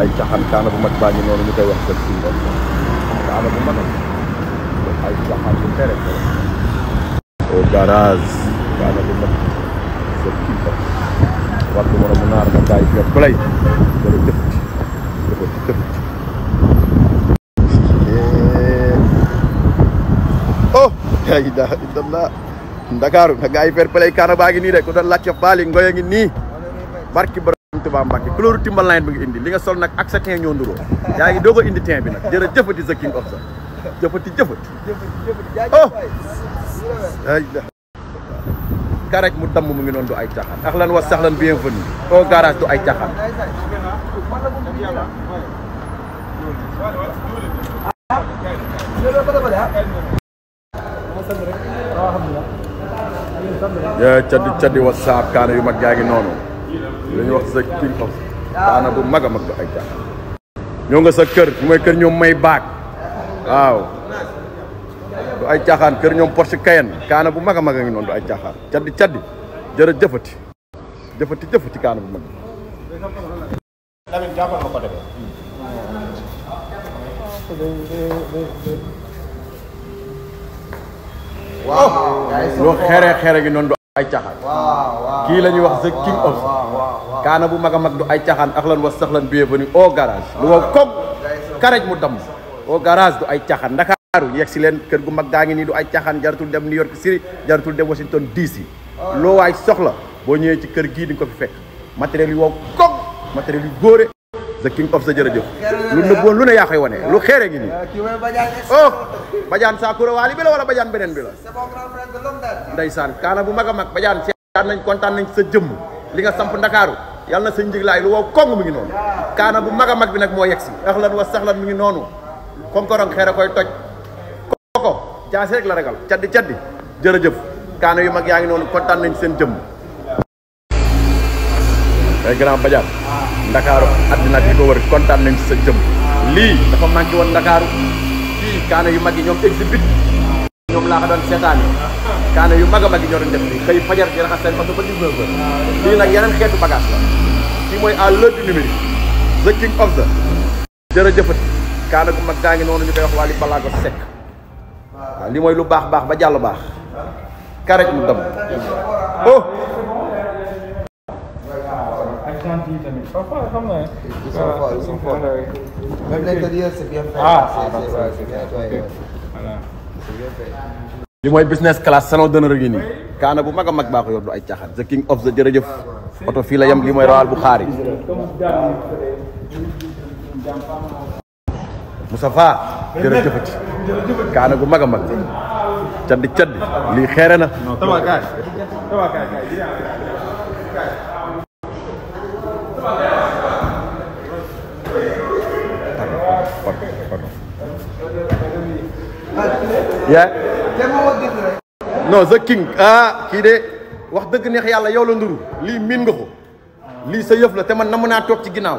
ay caxaan kaana bu mag baa ngi noonu wax seen suñu bu ay caxaan yu tere tere au garage kaana bu mag ko play dara jëfti dafa ci oh ya ilaha illallah ndakaaru nga gaay fair play de baali ngoy Touba Mbacké couleur timbal lain bi nga indi li nga sol nag ak sa teint ñoo nduroo yaa ngi doog indi teint bi nag jërë jëfati sa king of sa jëfati jëfati oh garage mu damm mu ngi noonu du ay caaxaan ahlan wa sahlan bienvenue au garage du ay ya caddi caddi whatsapp kaana yu mag yaa ngi lu ñuy wax sa king of bu mag a mag ba ay jàpp ñoo nga sa kër mooy kër ñoom may baag waaw du ay caaxaan kër ñoom Porsche Cayenne kaana bu mag a mag a ngi noonu du ay caaxaan caddi caddi jërë jëfati jëfati jëfati kaana bu mag Lamine jàppal ma xere xere gi noonu ay caaxaan kii la ñuy wax the king of kaana bu mag a mag du ay caxaan caaxaan axlan wa saxlan bienvenue au garage lu wow koog karaj mu damm au garage du ay caaxaan ndakaaru yegg si leen kër gu mag gaa ngi nii du ay caxaan jaratul dem New York City jaratul dem Washington DC oh. loo waay soxla boo ñëwee ci kër gii di ko fi fekk matériel yu wow koog matériel yu góore the king of the jerejeuf lu nëbboon lu ne lu xéré ngi ni oh bajan sakura wali bi la wala bajan benen bi la ndaysan kaana bu mag a mag bajaan seetaan nañ contane nañ sa jëm li nga samp dakaru yàlla señ sa lu wo kong mu ngi non kaana bu maga mag bi nak mo yegg akhlan wa sahlan mu ngi ko xéré koy toj koko jaasi rek la ragal caddi caddi jerejeuf kaana yu mag yaangi non contane nañ sen jëm ay eh, grand badiam dakaru adina bi ko wër contane nañ sa jëm li dafa manki won dakaru fi kana yu magi ñom exhibit ñom la ko don seetaani kana yu maga magi ñoro def nii xëy fajar ci raxa sen ba 19 heures lii nag yeneen bagage la kii moy à l'heure du numérique the king of the jërëjëfati kana gu mag gaangi nonu noonu ñu koy wax wali balago Seck li moy lu bax bax ba jallu bax karaj mu dem oh Parfois, xam nga. ils sont business class salon d'honneur gi nii. kaana bu mag a mag baa ay caaxaan. the king of the jërëjëf. oto fii la yem li mooy rawal bu xaar yi. Moustapha jërëjëfati. kaana bu mag a mag. caddi caddi lii xeere na. yaa non the king ah ki de wax deug neex yalla yow la nduru li min nga ko li sa yef la te man namuna tok ci ginaaw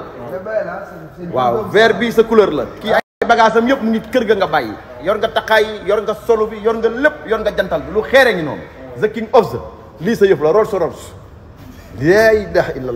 waaw vert bi sa couleur la ki ay bagage am yëpp mu ngi ga nga bayyi yor nga takay yor nga solo bi yor nga lepp yor nga jantal lu xere ngi non the king of the li sa yef la Rolls Royce la ilaha illallah